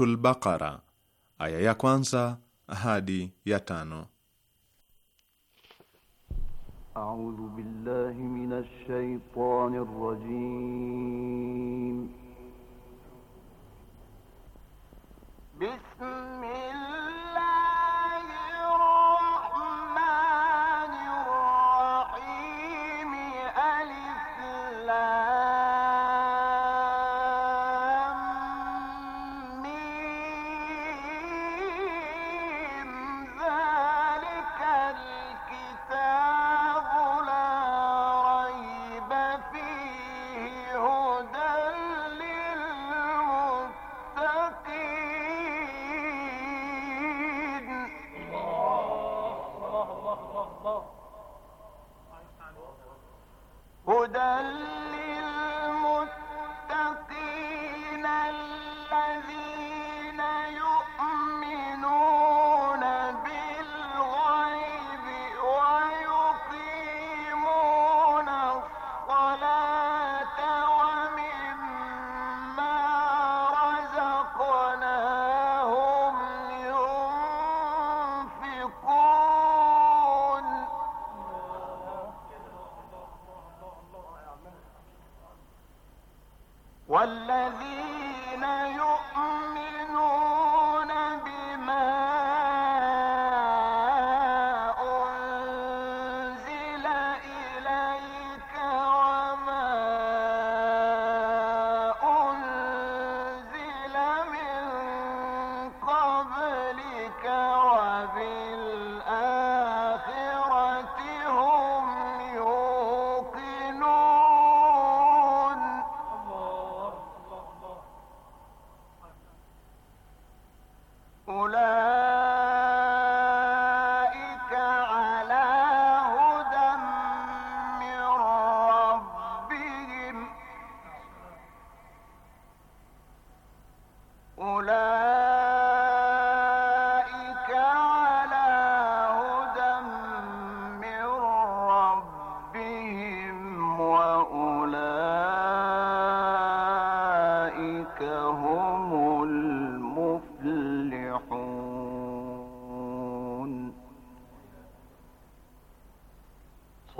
Suratul Baqara aya ya kwanza hadi ya tano. A'udhu billahi minash shaitani rrajim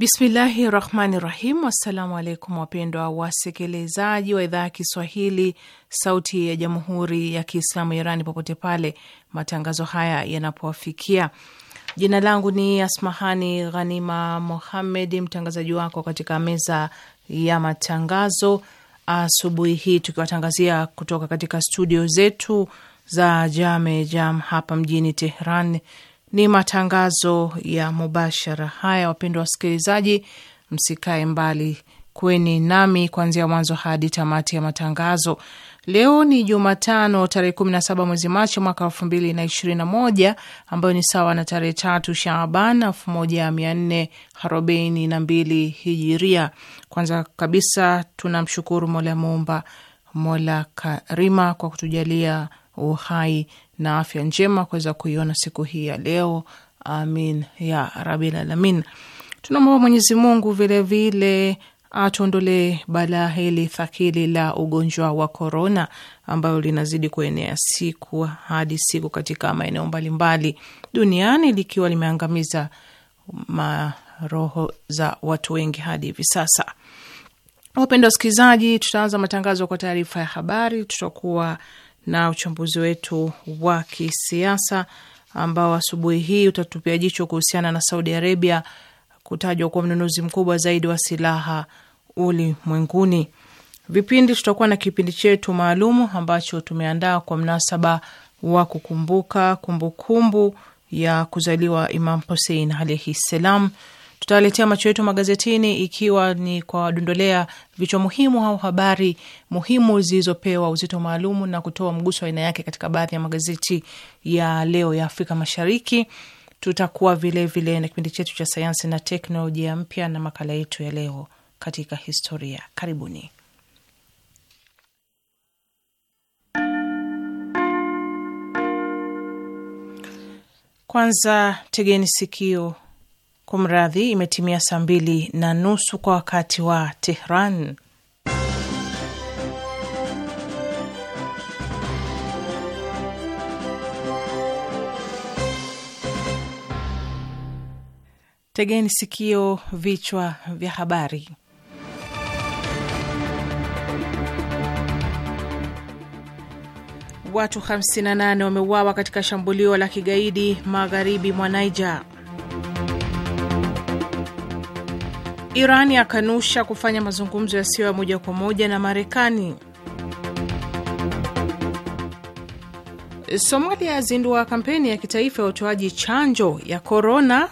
Bismillahi rahmani rahim. Assalamu alaikum wapendwa wasikilizaji wa idhaa ya Kiswahili sauti ya jamhuri ya Kiislamu ya Irani popote pale matangazo haya yanapowafikia. Jina langu ni Asmahani Ghanima Mohammed, mtangazaji wako katika meza ya matangazo asubuhi hii, tukiwatangazia kutoka katika studio zetu za Jame Jam hapa mjini Tehran ni matangazo ya mubashara haya, wapendwa wasikilizaji, msikae mbali, kweni nami kuanzia mwanzo hadi tamati ya matangazo. Leo ni Jumatano tarehe saba mwezi Machi mwaka moja ambayo ni sawa na tarehe tatu Shaaban mbili Hijiria. Kwanza kabisa tunamshukuru Mola Muumba, Mola Karima kwa kutujalia uhai na afya njema kuweza kuiona siku hii ya leo. Amin ya rabil alamin. Tunamwomba Mwenyezi Mungu vilevile atuondolee balaa hili thakili la ugonjwa wa korona ambayo linazidi kuenea siku hadi siku katika maeneo mbalimbali duniani likiwa limeangamiza maroho za watu wengi hadi hivi sasa. Wapendwa wasikilizaji, tutaanza matangazo kwa taarifa ya habari. Tutakuwa na uchambuzi wetu wa kisiasa ambao asubuhi hii utatupia jicho kuhusiana na Saudi Arabia kutajwa kuwa mnunuzi mkubwa zaidi wa silaha ulimwenguni. Vipindi tutakuwa na kipindi chetu maalumu ambacho tumeandaa kwa mnasaba wa kukumbuka kumbukumbu kumbu ya kuzaliwa Imam hussein alaihi ssalam tutawaletea macho yetu magazetini, ikiwa ni kwa wadondolea vichwa muhimu au habari muhimu zilizopewa uzito maalumu na kutoa mguso wa aina yake katika baadhi ya magazeti ya leo ya Afrika Mashariki. Tutakuwa vilevile vile na kipindi chetu cha sayansi na teknolojia mpya na makala yetu ya leo katika historia. Karibuni. Kwanza tegeni sikio Kumradhi, imetimia saa mbili na nusu kwa wakati wa Tehran. Tegeni sikio, vichwa vya habari. Watu 58 wameuawa katika shambulio la kigaidi magharibi mwa Niger. Iran yakanusha kufanya mazungumzo yasiyo ya moja kwa moja na Marekani. Somalia yazindua kampeni ya kitaifa ya utoaji chanjo ya korona.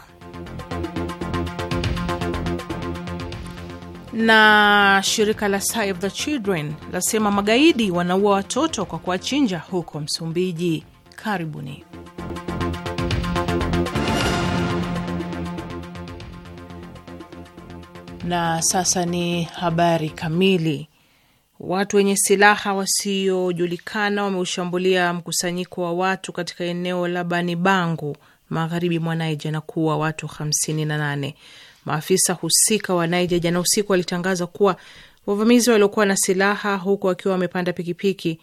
Na shirika la Save the Children lasema magaidi wanaua watoto kwa kuwachinja huko Msumbiji. Karibuni. Na sasa ni habari kamili. Watu wenye silaha wasiojulikana wameushambulia mkusanyiko wa watu katika eneo la Banibangu magharibi mwa Naija na kuua watu 58. Maafisa husika wa Naija jana usiku walitangaza kuwa wavamizi waliokuwa na silaha huku wakiwa wamepanda pikipiki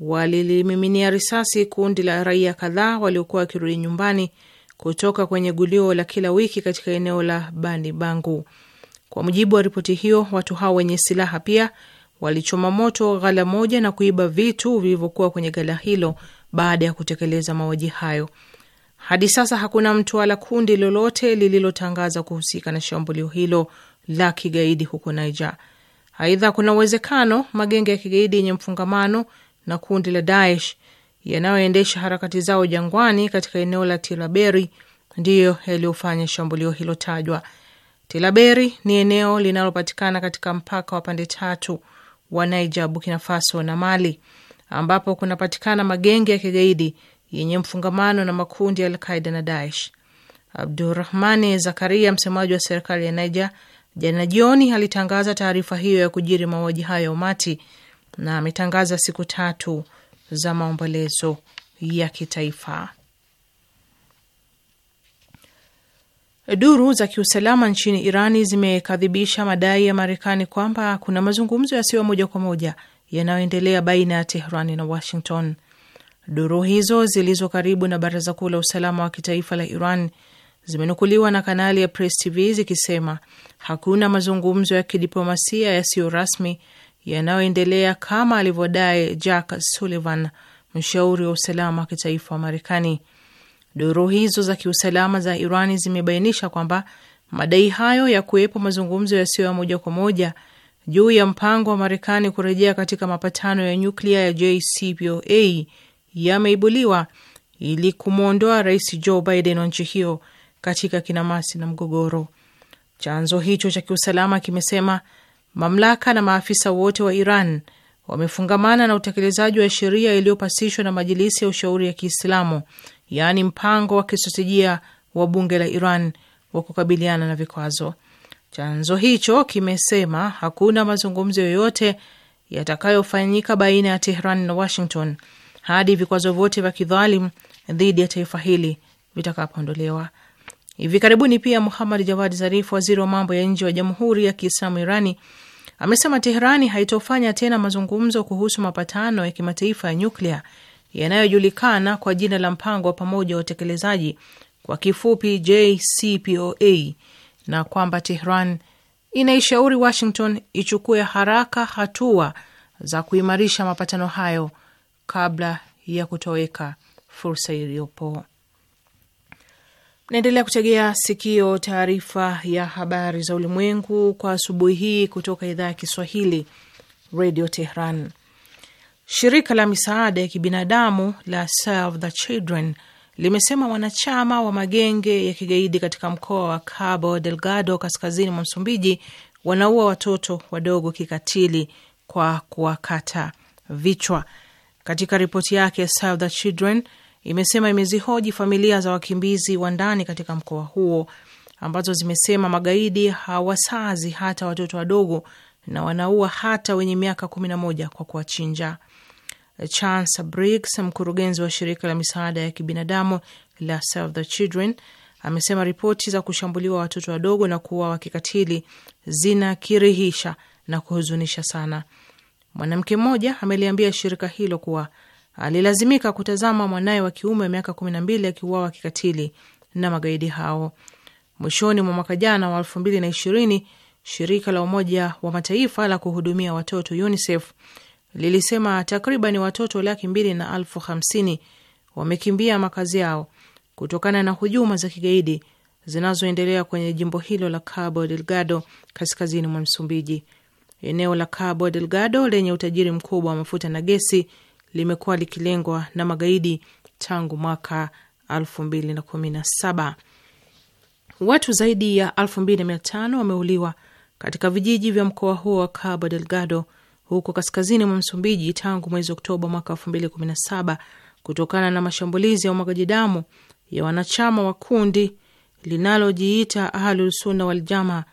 walilimiminia risasi kundi la raia kadhaa waliokuwa wakirudi nyumbani kutoka kwenye gulio la kila wiki katika eneo la Banibangu. Kwa mujibu wa ripoti hiyo, watu hao wenye silaha pia walichoma moto ghala moja na kuiba vitu vilivyokuwa kwenye ghala hilo baada ya kutekeleza mauaji hayo. Hadi sasa hakuna mtu wala kundi lolote lililotangaza kuhusika na shambulio hilo la kigaidi huko Niger. Aidha, kuna uwezekano magenge ya kigaidi yenye mfungamano na kundi la Daesh yanayoendesha harakati zao jangwani katika eneo la Tiraberi ndiyo yaliyofanya shambulio hilo tajwa. Tilaberi ni eneo linalopatikana katika mpaka wa pande tatu wa Niger, Burkina Faso na Mali, ambapo kunapatikana magenge ya kigaidi yenye mfungamano na makundi ya Alqaida na Daesh. Abdurahmani Zakaria, msemaji wa serikali ya Niger, jana jioni alitangaza taarifa hiyo ya kujiri mauaji hayo ya umati na ametangaza siku tatu za maombolezo ya kitaifa. Duru za kiusalama nchini Irani zimekadhibisha madai ya Marekani kwamba kuna mazungumzo yasiyo moja kwa moja yanayoendelea baina ya tehran na Washington. Duru hizo zilizo karibu na Baraza Kuu la Usalama wa Kitaifa la Iran zimenukuliwa na kanali ya Press TV zikisema hakuna mazungumzo ya kidiplomasia yasiyo rasmi yanayoendelea kama alivyodai Jack Sullivan, mshauri wa usalama wa kitaifa wa Marekani. Duru hizo za kiusalama za Irani zimebainisha kwamba madai hayo ya kuwepo mazungumzo yasiyo ya moja kwa moja juu ya mpango wa Marekani kurejea katika mapatano ya nyuklia ya JCPOA yameibuliwa ili kumwondoa Rais Joe Biden wa nchi hiyo katika kinamasi na mgogoro. Chanzo hicho cha kiusalama kimesema mamlaka na maafisa wote wa Iran wamefungamana na utekelezaji wa sheria iliyopasishwa na Majilisi ya Ushauri ya Kiislamu yaani mpango wa kistratejia wa bunge la Iran wa kukabiliana na vikwazo. Chanzo hicho kimesema hakuna mazungumzo yoyote yatakayofanyika baina ya Tehran na Washington hadi vikwazo vyote vya kidhalimu dhidi ya taifa hili vitakapoondolewa. Hivi karibuni pia Muhamad Javad Zarif, waziri wa mambo ya nje wa Jamhuri ya Kiislamu Irani, amesema Teherani haitofanya tena mazungumzo kuhusu mapatano ya kimataifa ya nyuklia yanayojulikana kwa jina la mpango wa pamoja wa utekelezaji kwa kifupi JCPOA, na kwamba Tehran inaishauri Washington ichukue haraka hatua za kuimarisha mapatano hayo kabla ya kutoweka fursa iliyopo. Naendelea kutegea sikio taarifa ya habari za ulimwengu kwa asubuhi hii kutoka idhaa ya Kiswahili, Radio Tehran. Shirika la misaada ya kibinadamu la Save the Children limesema wanachama wa magenge ya kigaidi katika mkoa wa Cabo Delgado kaskazini mwa Msumbiji wanaua watoto wadogo kikatili kwa kuwakata vichwa. Katika ripoti yake, Save the Children imesema imezihoji familia za wakimbizi wa ndani katika mkoa huo ambazo zimesema magaidi hawasazi hata watoto wadogo na wanaua hata wenye miaka kumi na moja kwa kuwachinja. Chance Briggs, mkurugenzi wa shirika la misaada ya kibinadamu la Save the Children, amesema ripoti za kushambuliwa watoto wadogo na kuuawa kikatili zinakirihisha na kuhuzunisha sana. Mwanamke mmoja ameliambia shirika hilo kuwa alilazimika kutazama mwanaye wa kiume wa miaka kumi na mbili akiuawa kikatili na magaidi hao. Mwishoni mwa mwaka jana wa elfu mbili na ishirini, shirika la Umoja wa Mataifa la kuhudumia watoto UNICEF lilisema takriban watoto laki mbili na elfu hamsini wamekimbia makazi yao kutokana na hujuma za kigaidi zinazoendelea kwenye jimbo hilo la Cabo Delgado kaskazini mwa Msumbiji. Eneo la Cabo Delgado lenye utajiri mkubwa wa mafuta na gesi limekuwa likilengwa na magaidi tangu mwaka 2017. Watu zaidi ya 2500 wameuliwa katika vijiji vya mkoa huo wa Cabo Delgado huko kaskazini mwa Msumbiji tangu mwezi Oktoba mwaka elfu mbili kumi na saba kutokana na mashambulizi ya umwagaji damu ya wanachama wa kundi linalojiita Ahlulsunna Waljamaa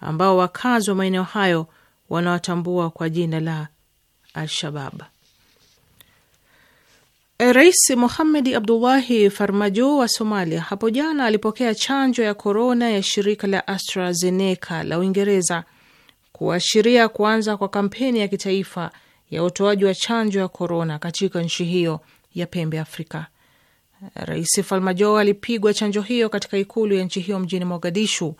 ambao wakazi wa maeneo hayo wanawatambua kwa jina la Alshabab. Eh, Rais muhamedi Abdullahi Farmajo wa Somalia hapo jana alipokea chanjo ya korona ya shirika la AstraZeneca la Uingereza kuashiria kuanza kwa kampeni ya kitaifa ya utoaji wa chanjo ya korona katika nchi hiyo ya pembe Afrika. Rais falmajo alipigwa chanjo hiyo katika ikulu ya nchi hiyo mjini Mogadishu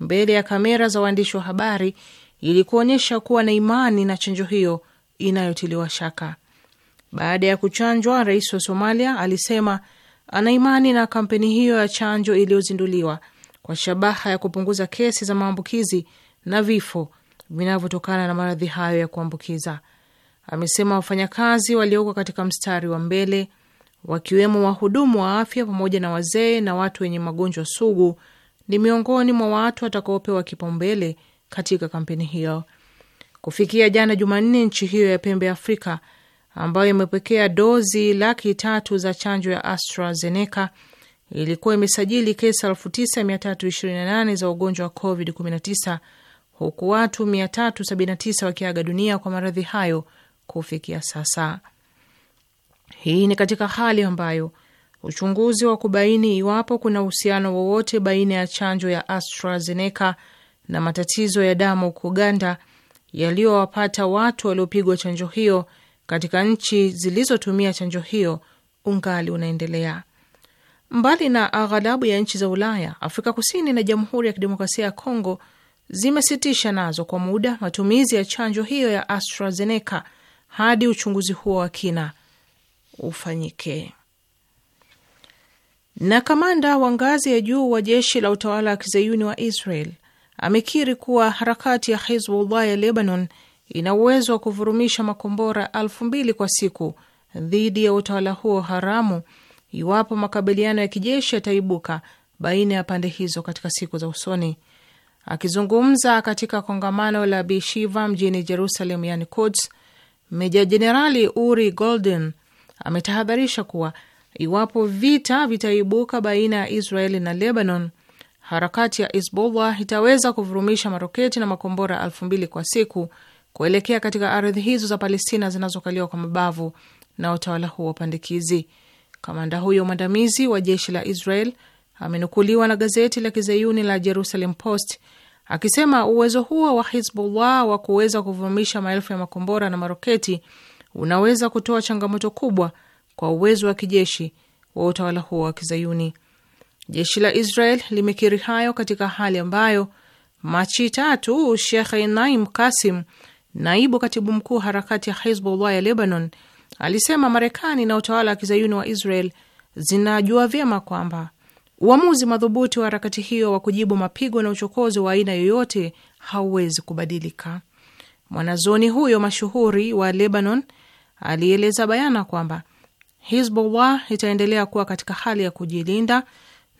mbele ya kamera za waandishi wa habari ili kuonyesha kuwa na imani na chanjo hiyo inayotiliwa shaka. Baada ya kuchanjwa, rais wa Somalia alisema ana imani na kampeni hiyo ya chanjo iliyozinduliwa kwa shabaha ya kupunguza kesi za maambukizi na vifo vinavyotokana na maradhi hayo ya kuambukiza. Amesema wafanyakazi walioko katika mstari wa mbele wakiwemo wahudumu wa afya pamoja na wazee na watu wenye magonjwa sugu ni miongoni mwa watu watakaopewa kipaumbele katika kampeni hiyo. Kufikia jana Jumanne, nchi hiyo ya pembe Afrika ambayo imepokea dozi laki tatu za chanjo ya AstraZeneca ilikuwa imesajili kesi 9328 za ugonjwa wa COVID-19 huku watu 379 wakiaga dunia kwa maradhi hayo kufikia sasa. Hii ni katika hali ambayo uchunguzi wa kubaini iwapo kuna uhusiano wowote baina ya chanjo ya AstraZeneca na matatizo ya damu huko Uganda yaliyowapata watu waliopigwa chanjo hiyo katika nchi zilizotumia chanjo hiyo ungali unaendelea. Mbali na aghalabu ya nchi za Ulaya, Afrika Kusini na Jamhuri ya Kidemokrasia ya Kongo zimesitisha nazo kwa muda matumizi ya chanjo hiyo ya AstraZeneca hadi uchunguzi huo wa kina ufanyike. Na kamanda wa ngazi ya juu wa jeshi la utawala wa kizayuni wa Israel amekiri kuwa harakati ya Hizbullah ya Lebanon ina uwezo wa kuvurumisha makombora elfu mbili kwa siku dhidi ya utawala huo haramu iwapo makabiliano ya kijeshi yataibuka baina ya pande hizo katika siku za usoni. Akizungumza katika kongamano la Bishiva mjini Jerusalem, yani Quds, meja jenerali Uri Golden ametahadharisha kuwa iwapo vita vitaibuka baina ya Israeli na Lebanon, harakati ya Hizbullah itaweza kuvurumisha maroketi na makombora elfu mbili kwa siku kuelekea katika ardhi hizo za Palestina zinazokaliwa kwa mabavu na utawala huo wa pandikizi. Kamanda huyo mwandamizi wa jeshi la Israel amenukuliwa na gazeti la kizayuni la Jerusalem Post akisema uwezo huo wa Hizbullah wa kuweza kuvamisha maelfu ya makombora na maroketi unaweza kutoa changamoto kubwa kwa uwezo wa kijeshi wa utawala huo wa kizayuni. Jeshi la Israel limekiri hayo katika hali ambayo Machi tatu Shekh Naim Kasim, naibu katibu mkuu harakati ya Hizbullah ya Lebanon, alisema Marekani na utawala wa kizayuni wa Israel zinajua vyema kwamba Uamuzi madhubuti wa harakati hiyo wa kujibu mapigo na uchokozi wa aina yoyote hauwezi kubadilika. Mwanazoni huyo mashuhuri wa Lebanon alieleza bayana kwamba Hizbullah itaendelea kuwa katika hali ya kujilinda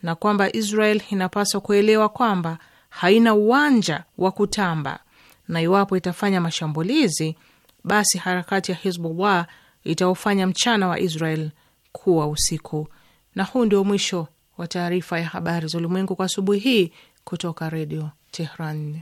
na kwamba Israel inapaswa kuelewa kwamba haina uwanja wa kutamba, na iwapo itafanya mashambulizi, basi harakati ya Hizbullah itaufanya mchana wa Israel kuwa usiku. Na huu ndio mwisho wa taarifa ya habari za ulimwengu kwa asubuhi hii kutoka Redio Tehran.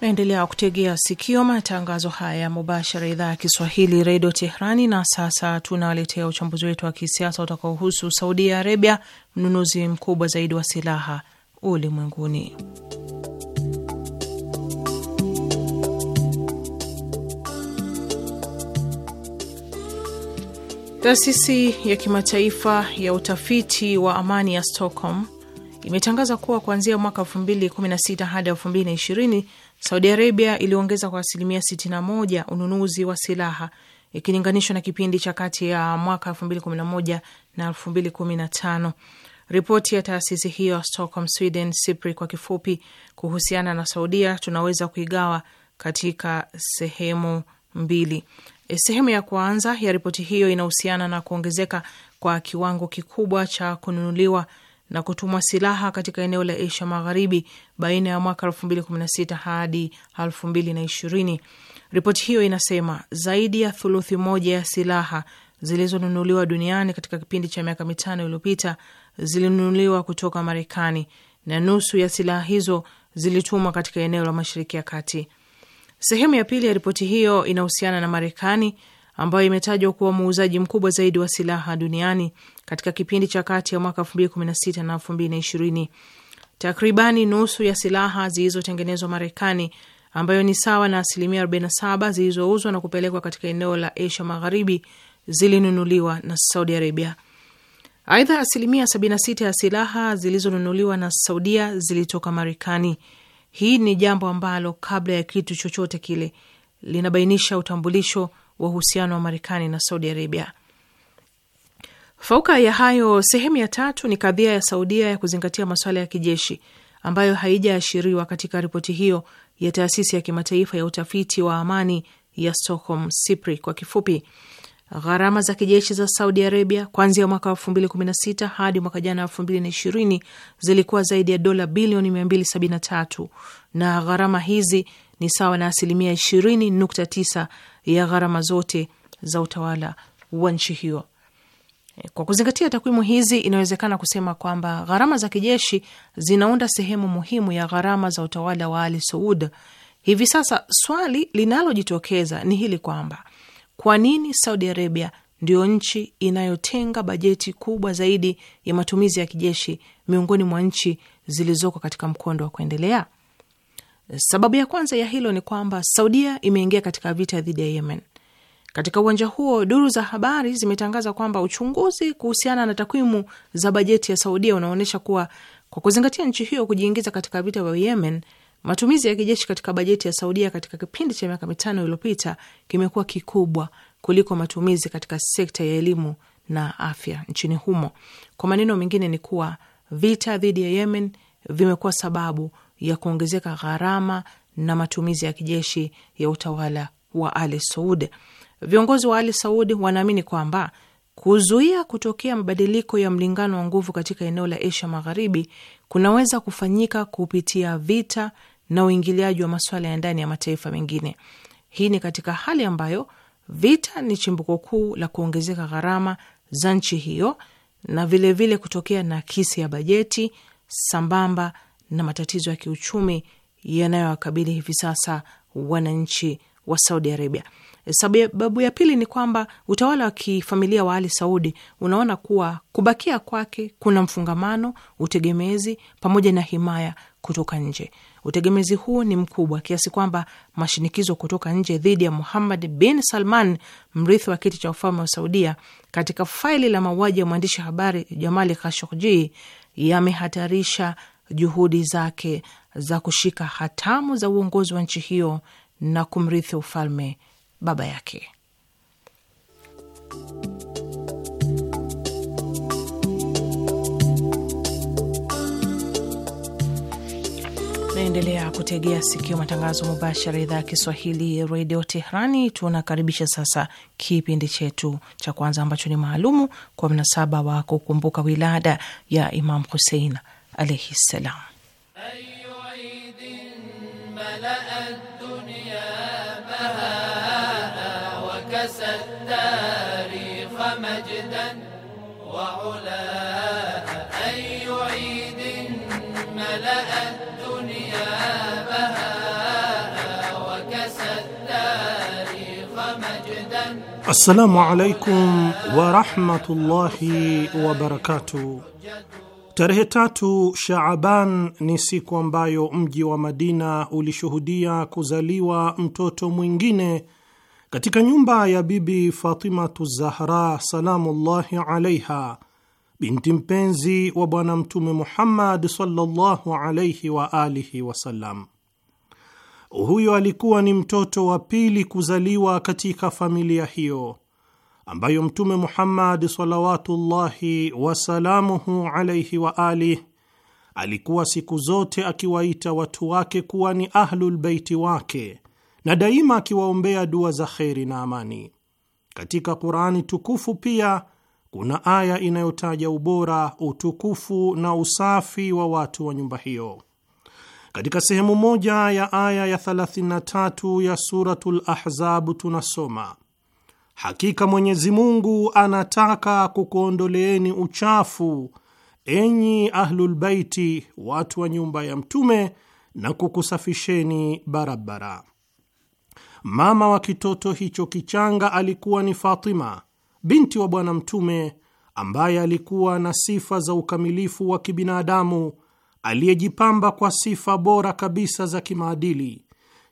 Naendelea kutegea sikio matangazo haya mubashara, idhaa ya Kiswahili redio Teherani. Na sasa tunawaletea uchambuzi wetu wa kisiasa utakaohusu Saudi Arabia, mnunuzi mkubwa zaidi wa silaha ulimwenguni. Taasisi ya kimataifa ya utafiti wa amani ya Stockholm imetangaza kuwa kuanzia mwaka 2016 hadi 2020 Saudi Arabia iliongeza kwa asilimia 61 ununuzi wa silaha ikilinganishwa na kipindi cha kati ya mwaka 2011 na Ripoti ya taasisi hiyo ya Stockholm Sweden SIPRI kwa kifupi, kuhusiana na Saudia tunaweza kuigawa katika sehemu mbili. E, sehemu ya kwanza ya ripoti hiyo inahusiana na kuongezeka kwa kiwango kikubwa cha kununuliwa na kutumwa silaha katika eneo la Asia Magharibi baina ya mwaka 2016 hadi 2020. Ripoti hiyo inasema zaidi ya thuluthi moja ya silaha zilizonunuliwa duniani katika kipindi cha miaka mitano iliyopita zilinunuliwa kutoka Marekani na nusu ya silaha hizo zilitumwa katika eneo la Mashariki ya Kati. Sehemu ya pili ya ripoti hiyo inahusiana na Marekani ambayo imetajwa kuwa muuzaji mkubwa zaidi wa silaha duniani katika kipindi cha kati ya mwaka 2016 na 2020. Takribani nusu ya silaha zilizotengenezwa Marekani, ambayo ni sawa na asilimia 47 zilizouzwa na kupelekwa katika eneo la Asia Magharibi, zilinunuliwa na Saudi Arabia. Aidha, asilimia 76 ya silaha zilizonunuliwa na Saudia zilitoka Marekani. Hii ni jambo ambalo kabla ya kitu chochote kile linabainisha utambulisho wa uhusiano wa Marekani na Saudi Arabia. Fauka ya hayo, sehemu ya tatu ni kadhia ya Saudia ya kuzingatia masuala ya kijeshi ambayo haijaashiriwa katika ripoti hiyo ya taasisi ya kimataifa ya utafiti wa amani ya Stockholm, SIPRI kwa kifupi. Gharama za kijeshi za Saudi Arabia kuanzia mwaka sita hadi mwaka jana ishirini zilikuwa zaidi ya dola bilioni sabini na gharama hizi ni sawa na asilimia tisa ya gharama zote za utawala wa nchi hiyo. E, kwa kuzingatia takwimu hizi, inawezekana kusema kwamba gharama za kijeshi zinaunda sehemu muhimu ya gharama za utawala wa Ali Saud. Hivi sasa swali linalojitokeza ni hili kwamba kwa nini Saudi Arabia ndiyo nchi inayotenga bajeti kubwa zaidi ya matumizi ya kijeshi miongoni mwa nchi zilizoko katika mkondo wa kuendelea? Sababu ya kwanza ya hilo ni kwamba Saudia imeingia katika vita dhidi ya Yemen. Katika uwanja huo, duru za habari zimetangaza kwamba uchunguzi kuhusiana na takwimu za bajeti ya Saudia unaonyesha kuwa kwa kuzingatia nchi hiyo kujiingiza katika vita vya Yemen, Matumizi ya kijeshi katika bajeti ya Saudia katika kipindi cha miaka mitano iliyopita kimekuwa kikubwa kuliko matumizi katika sekta ya elimu na afya nchini humo. Kwa maneno mengine, ni kuwa vita dhidi ya Yemen vimekuwa sababu ya kuongezeka gharama na matumizi ya kijeshi ya utawala wa Ali Saud. Viongozi wa Ali Saud wanaamini kwamba kuzuia kutokea mabadiliko ya mlingano wa nguvu katika eneo la Asia Magharibi kunaweza kufanyika kupitia vita na uingiliaji wa masuala ya ndani ya mataifa mengine. Hii ni katika hali ambayo vita ni chimbuko kuu la kuongezeka gharama za nchi hiyo na vilevile vile kutokea na kisi ya bajeti sambamba na matatizo ya kiuchumi yanayowakabili hivi sasa wananchi wa Saudi Arabia. Sababu ya pili ni kwamba utawala wa kifamilia wa Ali Saudi unaona kuwa kubakia kwake kuna mfungamano, utegemezi pamoja na himaya kutoka nje. Utegemezi huu ni mkubwa kiasi kwamba mashinikizo kutoka nje dhidi ya Muhammad bin Salman, mrithi wa kiti cha ufalme wa Saudia, katika faili la mauaji ya mwandishi habari Jamali Khashoggi yamehatarisha juhudi zake za kushika hatamu za uongozi wa nchi hiyo na kumrithi ufalme baba yake. Naendelea kutegea sikio matangazo mubashara idhaa ya Kiswahili redio Tehrani. Tunakaribisha sasa kipindi chetu cha kwanza ambacho ni maalumu kwa mnasaba wa kukumbuka wilada ya Imam Husein alaihi ssalam. Assalamu alaikum warahmatullahi wabarakatuh. Tarehe tatu Shaaban ni siku ambayo mji wa Madina ulishuhudia kuzaliwa mtoto mwingine katika nyumba ya Bibi Fatimatu Zahra salamullahi alaiha binti mpenzi wa Bwana Mtume Muhammad sallallahu alayhi wa alihi wasallam. Huyo alikuwa ni mtoto wa pili kuzaliwa katika familia hiyo ambayo Mtume Muhammad salawatullahi wasalamuhu alayhi wa alihi alikuwa siku zote akiwaita watu wake kuwa ni ahlulbeiti wake na daima akiwaombea dua za kheri na amani. Katika Qurani tukufu pia kuna aya inayotaja ubora, utukufu na usafi wa watu wa nyumba hiyo. Katika sehemu moja ya aya ya 33 ya Suratul Ahzab tunasoma, hakika Mwenyezi Mungu anataka kukuondoleeni uchafu, enyi Ahlulbaiti, watu wa nyumba ya Mtume, na kukusafisheni barabara. Mama wa kitoto hicho kichanga alikuwa ni Fatima binti wa Bwana Mtume, ambaye alikuwa na sifa za ukamilifu wa kibinadamu, aliyejipamba kwa sifa bora kabisa za kimaadili,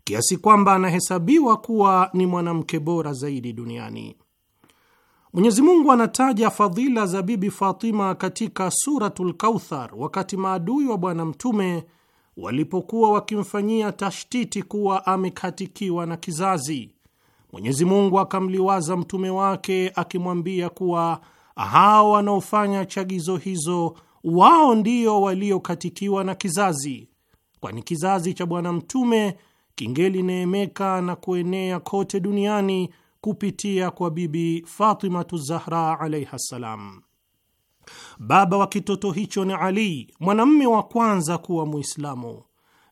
kiasi kwamba anahesabiwa kuwa ni mwanamke bora zaidi duniani. Mwenyezi Mungu anataja fadhila za Bibi Fatima katika Suratul Kauthar, wakati maadui wa Bwana Mtume walipokuwa wakimfanyia tashtiti kuwa amekatikiwa na kizazi Mwenyezi Mungu akamliwaza mtume wake akimwambia kuwa hao wanaofanya chagizo hizo wao ndio waliokatikiwa na kizazi, kwani kizazi cha Bwana Mtume kingelineemeka na kuenea kote duniani kupitia kwa Bibi Fatimatu Zahra alaiha ssalam. Baba wa kitoto hicho ni Ali, mwanamme wa kwanza kuwa Muislamu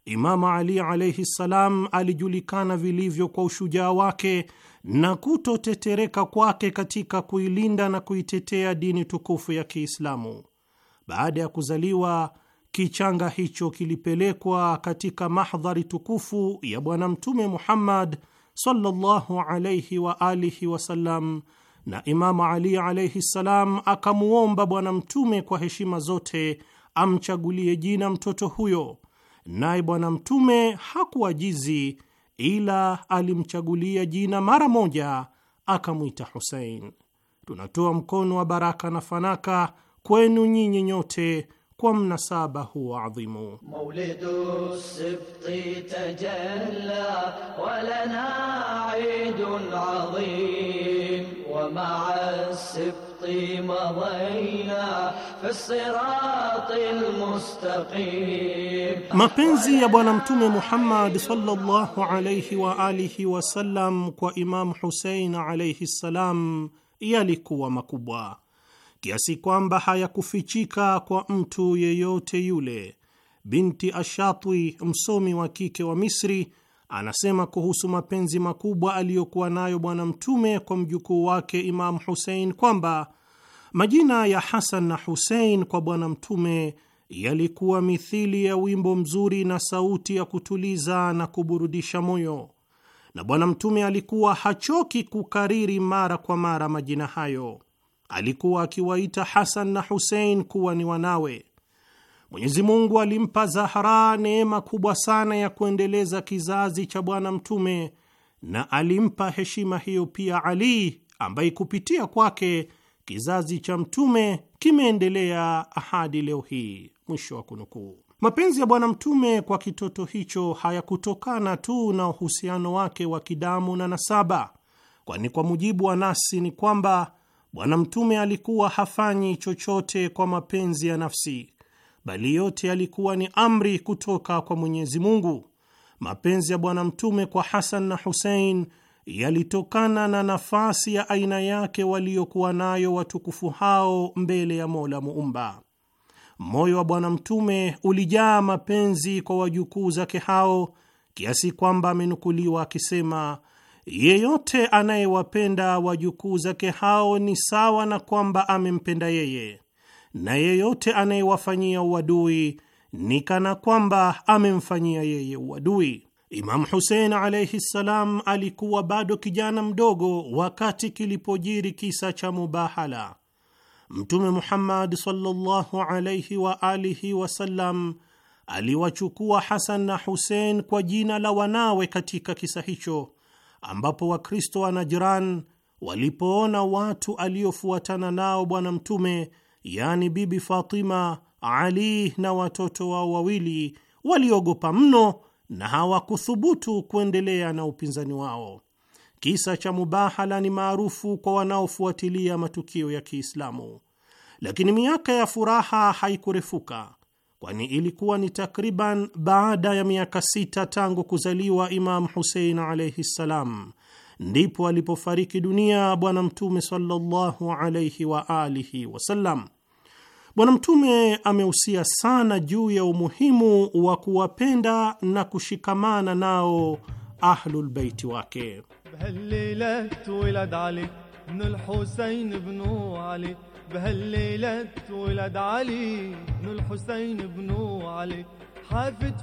imamu Ali alaihi ssalam alijulikana vilivyo kwa ushujaa wake na kutotetereka kwake katika kuilinda na kuitetea dini tukufu ya Kiislamu. Baada ya kuzaliwa, kichanga hicho kilipelekwa katika mahdhari tukufu ya Bwana Mtume Muhammad sallallahu alaihi wa alihi wasallam, na imamu Ali alaihi ssalam akamuomba Bwana Mtume kwa heshima zote amchagulie jina mtoto huyo naye Bwana Mtume hakuajizi, ila alimchagulia jina mara moja akamwita Husein. Tunatoa mkono wa baraka na fanaka kwenu nyinyi nyote kwa mnasaba huu adhimu. الصراط المستقيم mapenzi ya bwana mtume Muhammad sallallahu alayhi wa alihi wasallam kwa Imam Hussein alayhi salam yalikuwa makubwa kiasi kwamba hayakufichika kwa mtu yeyote yule. Binti Ashatwi, msomi wa kike wa Misri, anasema kuhusu mapenzi makubwa aliyokuwa nayo Bwana Mtume kwa mjukuu wake Imamu Husein kwamba Majina ya Hasan na Husein kwa Bwana Mtume yalikuwa mithili ya wimbo mzuri na sauti ya kutuliza na kuburudisha moyo, na Bwana Mtume alikuwa hachoki kukariri mara kwa mara majina hayo. Alikuwa akiwaita Hasan na Husein kuwa ni wanawe. Mwenyezi Mungu alimpa Zahra neema kubwa sana ya kuendeleza kizazi cha Bwana Mtume, na alimpa heshima hiyo pia Ali ambaye kupitia kwake kizazi cha Mtume kimeendelea hadi leo hii. Mwisho wa kunukuu. Mapenzi ya Bwana Mtume kwa kitoto hicho hayakutokana tu na uhusiano wake wa kidamu na nasaba, kwani kwa mujibu wa nasi ni kwamba Bwana Mtume alikuwa hafanyi chochote kwa mapenzi ya nafsi, bali yote yalikuwa ni amri kutoka kwa Mwenyezi Mungu. Mapenzi ya Bwana Mtume kwa Hasan na Husein yalitokana na nafasi ya aina yake waliyokuwa nayo watukufu hao mbele ya Mola Muumba. Moyo wa Bwana Mtume ulijaa mapenzi kwa wajukuu zake hao kiasi kwamba amenukuliwa akisema, yeyote anayewapenda wajukuu zake hao ni sawa na kwamba amempenda yeye, na yeyote anayewafanyia uadui ni kana kwamba amemfanyia yeye uadui. Imamu Husein alaihi ssalam alikuwa bado kijana mdogo wakati kilipojiri kisa cha mubahala. Mtume Muhammad sallallahu alaihi wa alihi wasallam aliwachukua Hasan na Husein kwa jina la wanawe katika kisa hicho, ambapo Wakristo wa Najran walipoona watu aliofuatana nao Bwana Mtume, yani Bibi Fatima, Ali na watoto wao wawili, waliogopa mno na hawakuthubutu kuendelea na upinzani wao. Kisa cha Mubahala ni maarufu kwa wanaofuatilia matukio ya Kiislamu, lakini miaka ya furaha haikurefuka, kwani ilikuwa ni takriban baada ya miaka sita tangu kuzaliwa Imam Husein alaihi ssalam, ndipo alipofariki dunia Bwana Mtume sallallahu alaihi waalihi wasallam. Bwana Mtume amehusia sana juu ya umuhimu wa kuwapenda na kushikamana nao Ahlulbeiti wake.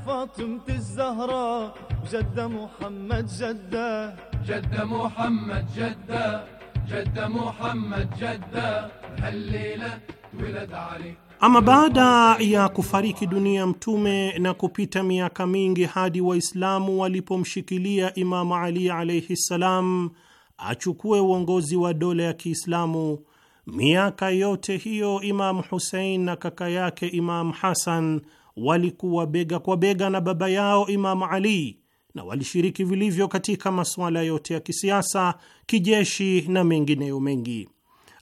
فاطمة الزهراء جدة جدة جدة جدة جدة جدة محمد محمد محمد هالليلة Ama baada ya kufariki dunia Mtume na kupita miaka mingi hadi Waislamu walipomshikilia Imamu Ali alaihi ssalam achukue uongozi wa dola ya Kiislamu, miaka yote hiyo Imamu Husein na kaka yake Imamu Hasan walikuwa bega kwa bega na baba yao Imamu Ali na walishiriki vilivyo katika masuala yote ya kisiasa, kijeshi na mengineyo mengi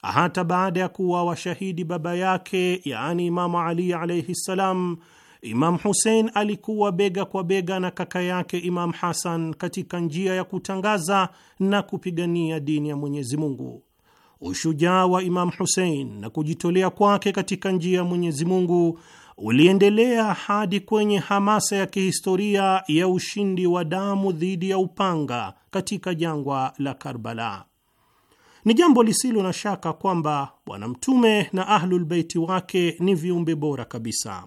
hata baada ya kuwa washahidi baba yake, yaani Imamu Ali alaihi ssalam, Imamu Husein alikuwa bega kwa bega na kaka yake Imamu Hasan katika njia ya kutangaza na kupigania dini ya Mwenyezi Mungu. Ushujaa wa Imamu Husein na kujitolea kwake katika njia ya Mwenyezi Mungu uliendelea hadi kwenye hamasa ya kihistoria ya ushindi wa damu dhidi ya upanga katika jangwa la Karbala. Ni jambo lisilo na shaka kwamba Bwana Mtume na Ahlulbeiti wake ni viumbe bora kabisa.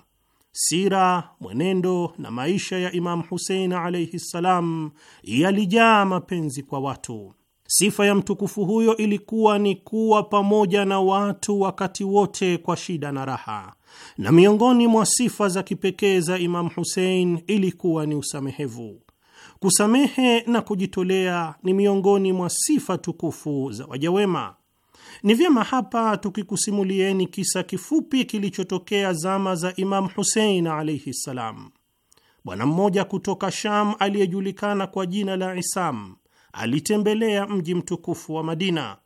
Sira, mwenendo na maisha ya Imamu Husein alaihi ssalam yalijaa mapenzi kwa watu. Sifa ya mtukufu huyo ilikuwa ni kuwa pamoja na watu wakati wote kwa shida na raha, na miongoni mwa sifa za kipekee za Imamu Husein ilikuwa ni usamehevu. Kusamehe na kujitolea ni miongoni mwa sifa tukufu za wajawema Ni vyema hapa tukikusimulieni kisa kifupi kilichotokea zama za Imamu Husein alaihi ssalam. Bwana mmoja kutoka Sham aliyejulikana kwa jina la Isam alitembelea mji mtukufu wa Madina.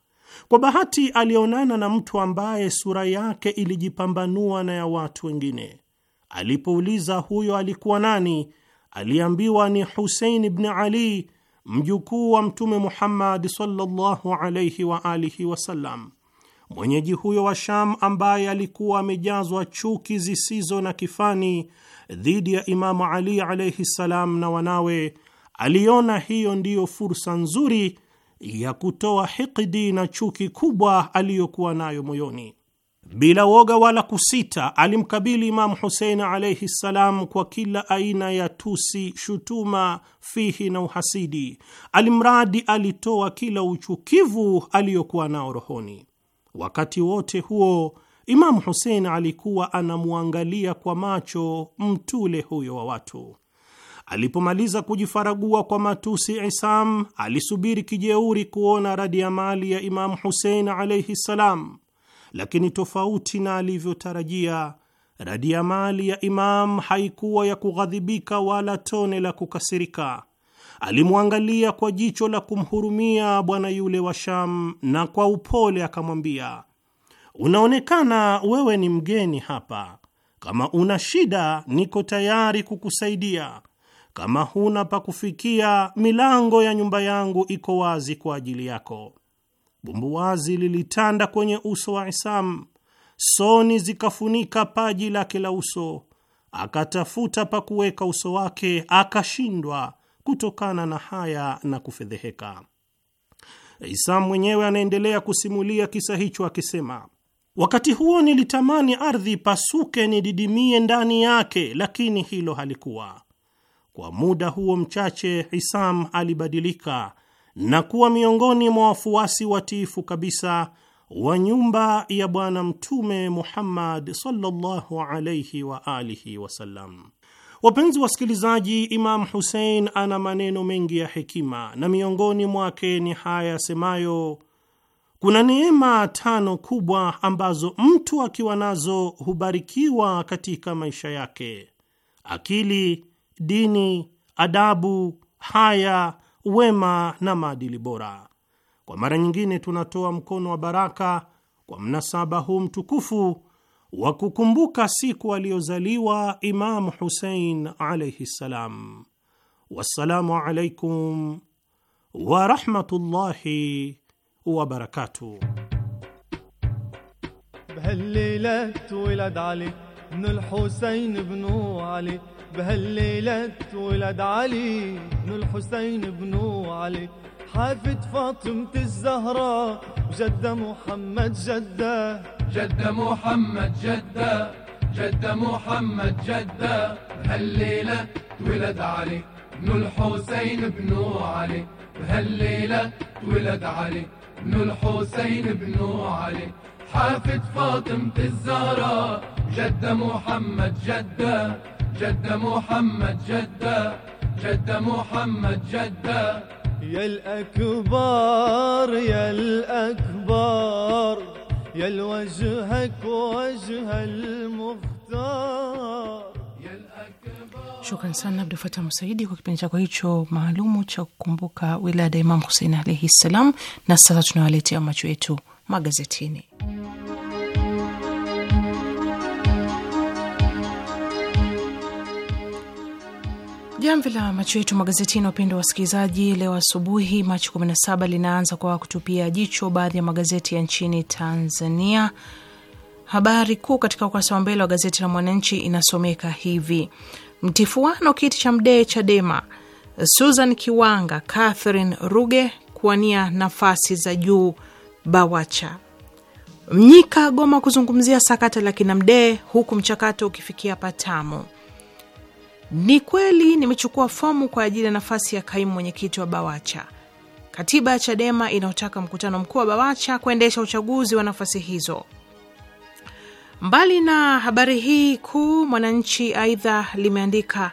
Kwa bahati, alionana na mtu ambaye sura yake ilijipambanua na ya watu wengine. Alipouliza huyo alikuwa nani, aliambiwa ni Husein ibn Ali, mjukuu wa Mtume Muhammad sallallahu alayhi wa alihi wasallam. Mwenyeji huyo wa Sham ambaye alikuwa amejazwa chuki zisizo na kifani dhidi ya Imamu Ali alayhi salam na wanawe, aliona hiyo ndiyo fursa nzuri ya kutoa hikdi na chuki kubwa aliyokuwa nayo moyoni. Bila woga wala kusita, alimkabili Imamu Husein alaihi ssalam kwa kila aina ya tusi, shutuma, fihi na uhasidi, alimradi alitoa kila uchukivu aliyokuwa nao rohoni. Wakati wote huo Imamu Husein alikuwa anamwangalia kwa macho mtule huyo wa watu. Alipomaliza kujifaragua kwa matusi, Isam alisubiri kijeuri kuona mali ya Imamu Husein alaihi ssalam lakini tofauti na alivyotarajia, radiamali ya Imam haikuwa ya kughadhibika wala tone la kukasirika. Alimwangalia kwa jicho la kumhurumia bwana yule wa Sham, na kwa upole akamwambia, unaonekana wewe ni mgeni hapa. Kama una shida, niko tayari kukusaidia. Kama huna pa kufikia, milango ya nyumba yangu iko wazi kwa ajili yako. Bumbuwazi lilitanda kwenye uso wa Isam, soni zikafunika paji lake la uso. Akatafuta pa kuweka uso wake, akashindwa kutokana na haya na kufedheheka. Isam mwenyewe anaendelea kusimulia kisa hicho akisema, wakati huo nilitamani ardhi pasuke nididimie ndani yake, lakini hilo halikuwa. Kwa muda huo mchache, Hisam alibadilika na kuwa miongoni mwa wafuasi watiifu kabisa wa nyumba ya Bwana Mtume Muhammad sallallahu alayhi wa alihi wasallam. Wapenzi wasikilizaji, Imam Hussein ana maneno mengi ya hekima na miongoni mwake ni haya yasemayo: kuna neema tano kubwa ambazo mtu akiwa nazo hubarikiwa katika maisha yake: akili, dini, adabu, haya wema na maadili bora. Kwa mara nyingine, tunatoa mkono wa baraka kwa mnasaba huu mtukufu wa kukumbuka siku aliyozaliwa Imamu Husein alaihi ssalam. Wassalamu alaikum warahmatullahi wabarakatuh. من الحسين بنو علي بهالليلة ولد علي من الحسين بنو علي حافت فاطمة الزهراء جدة محمد جدة جدة محمد جدة جدة محمد جدة بهالليلة ولد علي من الحسين بنو علي بهالليلة ولد علي من الحسين بنو علي حافد فاطمة الزهراء جدة محمد جدة جدة محمد جدة جدة محمد جدة يا الأكبر يا الأكبر يا الوجهك وجه المختار Shukran sana Abdu Fatah Musaidi kwa kipindi chako hicho maalumu cha kukumbuka wilada Imam Husein alaihi ssalam. Na sasa tunawaletea macho yetu magazetini. Jamvi la macho yetu magazetini, wa wasikilizaji, leo asubuhi Machi 17 linaanza kwa kutupia jicho baadhi ya magazeti ya nchini Tanzania. Habari kuu katika ukurasa wa mbele wa gazeti la Mwananchi inasomeka hivi: mtifuano kiti cha Mdee Chadema, Susan Kiwanga, Catherine Ruge kuwania nafasi za juu Bawacha. Mnyika Goma kuzungumzia sakata la kina Mdee huku mchakato ukifikia patamu. Ni kweli nimechukua fomu kwa ajili ya nafasi ya kaimu mwenyekiti wa Bawacha. Katiba ya Chadema inaotaka mkutano mkuu wa Bawacha kuendesha uchaguzi wa nafasi hizo. Mbali na habari hii kuu, Mwananchi aidha limeandika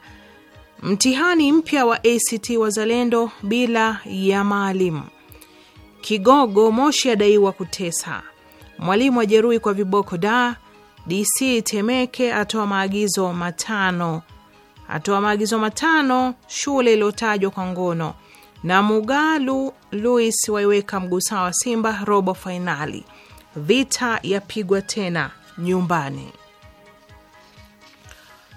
mtihani mpya wa ACT Wazalendo bila ya maalimu. Kigogo Moshi adaiwa kutesa mwalimu, ajeruhi kwa viboko da. DC Temeke atoa maagizo matano, atoa maagizo matano shule iliyotajwa kwa ngono, na Mugalu Luis waiweka mgusa wa Simba robo fainali. Vita yapigwa tena nyumbani.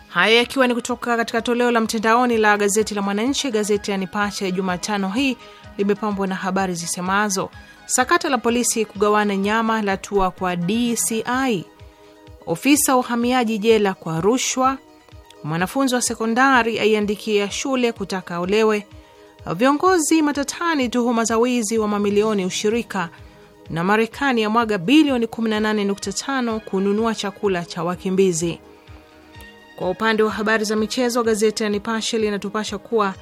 Haya yakiwa ni kutoka katika toleo la mtandaoni la gazeti la Mwananchi. Gazeti la Nipashe ya Jumatano hii limepambwa na habari zisemazo sakata la polisi kugawana nyama la tua kwa DCI, ofisa uhamiaji jela kwa rushwa, mwanafunzi wa sekondari aiandikia shule kutaka olewe, viongozi matatani tuhuma za wizi wa mamilioni ushirika, na Marekani ya mwaga bilioni 18.5 kununua chakula cha wakimbizi. Kwa upande wa habari za michezo, gazeti ya Nipashe linatupasha kuwa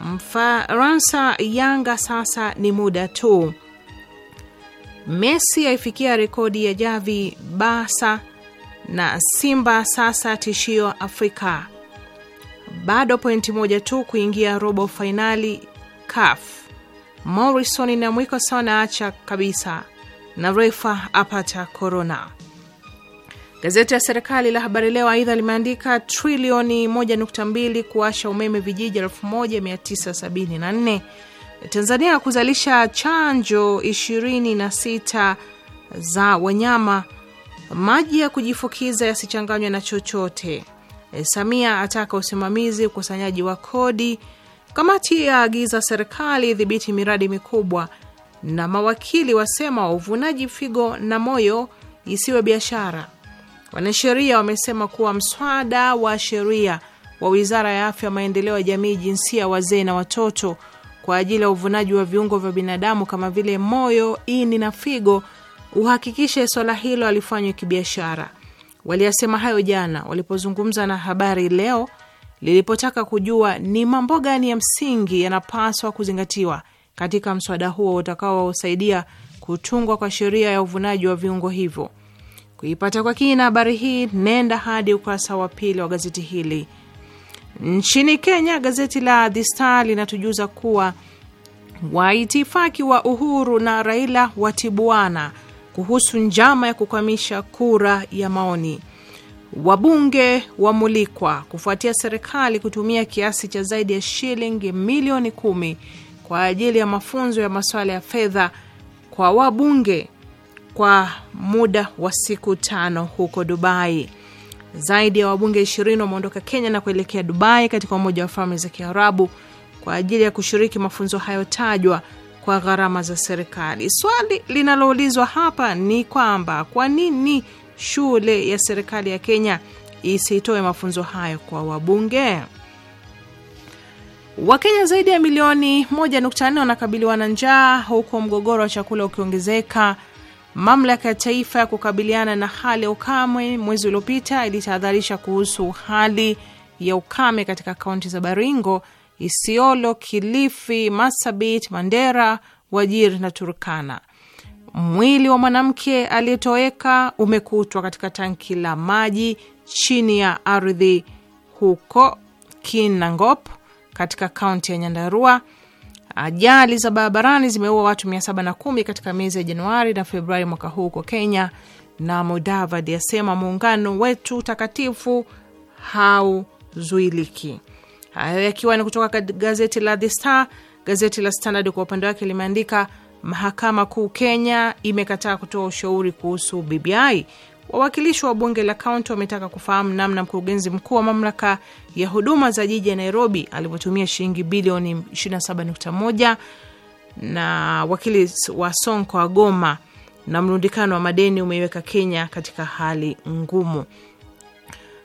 Mfaransa Yanga sasa ni muda tu. Messi aifikia rekodi ya Javi Basa na Simba sasa tishio Afrika. Bado pointi moja tu kuingia robo fainali CAF. Morrison na Mwiko sana acha kabisa na refa apata corona Gazeti ya serikali la Habari Leo aidha limeandika trilioni 1.2 kuasha umeme vijiji 1974. Tanzania kuzalisha chanjo 26 za wanyama. Maji ya kujifukiza yasichanganywe na chochote. E, Samia ataka usimamizi ukusanyaji wa kodi. Kamati yaagiza serikali idhibiti miradi mikubwa, na mawakili wasema uvunaji figo na moyo isiwe biashara. Wanasheria wamesema kuwa mswada wa sheria wa Wizara ya Afya, Maendeleo ya Jamii, Jinsia, Wazee na Watoto kwa ajili ya uvunaji wa viungo vya binadamu kama vile moyo, ini na figo uhakikishe swala hilo alifanywa kibiashara. Waliyasema hayo jana walipozungumza na Habari Leo lilipotaka kujua ni mambo gani ya msingi yanapaswa kuzingatiwa katika mswada huo utakaosaidia kutungwa kwa sheria ya uvunaji wa viungo hivyo. Kuipata kwa kina habari hii, nenda hadi ukurasa wa pili wa gazeti hili. Nchini Kenya, gazeti la The Star linatujuza kuwa waitifaki wa Uhuru na Raila watibuana kuhusu njama ya kukwamisha kura ya maoni. Wabunge wamulikwa kufuatia serikali kutumia kiasi cha zaidi ya shilingi milioni kumi kwa ajili ya mafunzo ya masuala ya fedha kwa wabunge kwa muda wa siku tano huko Dubai. Zaidi ya wabunge ishirini wameondoka Kenya na kuelekea Dubai katika Umoja wa Falme za Kiarabu kwa ajili ya kushiriki mafunzo hayo tajwa kwa gharama za serikali. Swali linaloulizwa hapa ni kwamba kwa nini shule ya serikali ya Kenya isitoe mafunzo hayo kwa wabunge? Wakenya zaidi ya milioni 1.4 wanakabiliwa na njaa huku mgogoro wa chakula ukiongezeka Mamlaka ya taifa ya kukabiliana na hali ya ukame mwezi uliopita ilitahadharisha kuhusu hali ya ukame katika kaunti za Baringo, Isiolo, Kilifi, Masabit, Mandera, Wajir na Turkana. Mwili wa mwanamke aliyetoweka umekutwa katika tanki la maji chini ya ardhi huko Kinangop katika kaunti ya Nyandarua Ajali za barabarani zimeua watu 710 katika miezi ya Januari na Februari mwaka huu huko Kenya. Na Mudavadi asema muungano wetu takatifu hauzuiliki. Hayo yakiwa ni kutoka gazeti la The Star. Gazeti la Standard kwa upande wake limeandika mahakama kuu Kenya imekataa kutoa ushauri kuhusu BBI. Wawakilishi wa bunge la kaunti wametaka kufahamu namna mkurugenzi mkuu wa mamlaka ya huduma za jiji ya Nairobi alivyotumia shilingi bilioni 27.1 na wakili wa Sonko wa Goma na mrundikano wa madeni umeiweka Kenya katika hali ngumu.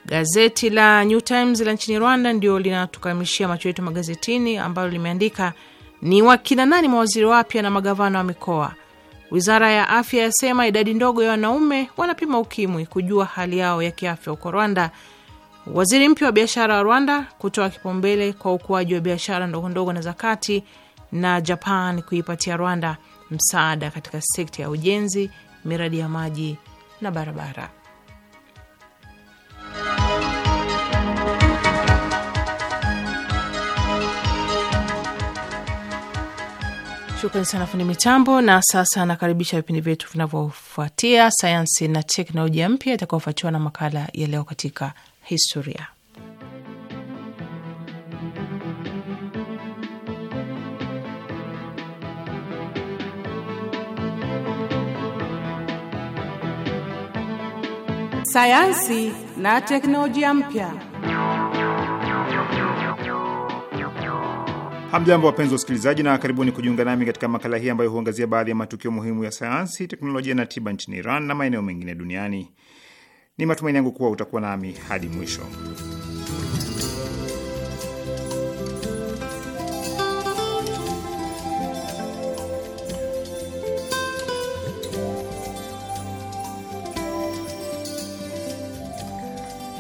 Gazeti la New Times la nchini Rwanda ndio linatukamishia macho yetu magazetini, ambalo limeandika ni wakina nani mawaziri wapya na magavana wa mikoa. Wizara ya afya yasema idadi ndogo ya wanaume wanapima ukimwi kujua hali yao ya kiafya huko Rwanda. Waziri mpya wa biashara wa Rwanda kutoa kipaumbele kwa ukuaji wa biashara ndogondogo na zakati, na Japan kuipatia Rwanda msaada katika sekta ya ujenzi, miradi ya maji na barabara. Shukrani sana fundi mitambo. Na sasa anakaribisha vipindi vyetu vinavyofuatia, sayansi na teknolojia mpya, itakaofuatiwa na makala ya leo katika historia. Sayansi na teknolojia mpya. Hamjambo, wapenzi wa usikilizaji, na karibuni kujiunga nami katika makala hii ambayo huangazia baadhi ya matukio muhimu ya sayansi, teknolojia na tiba nchini Iran na maeneo mengine duniani. Ni matumaini yangu kuwa utakuwa nami hadi mwisho.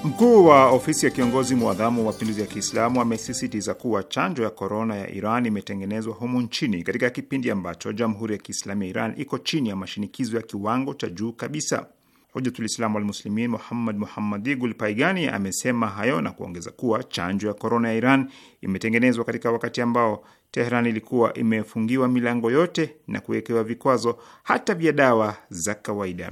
Mkuu wa ofisi ya kiongozi mwadhamu wa mapinduzi ya Kiislamu amesisitiza kuwa chanjo ya korona ya Iran imetengenezwa humu nchini katika kipindi ambacho jamhuri ya Kiislamu ya Iran iko chini ya mashinikizo ya kiwango cha juu kabisa. Hujatulislamu Walmuslimin Muhammad Muhammadi Gulpaigani amesema hayo na kuongeza kuwa chanjo ya korona ya Iran imetengenezwa katika wakati ambao Tehran ilikuwa imefungiwa milango yote na kuwekewa vikwazo hata vya dawa za kawaida.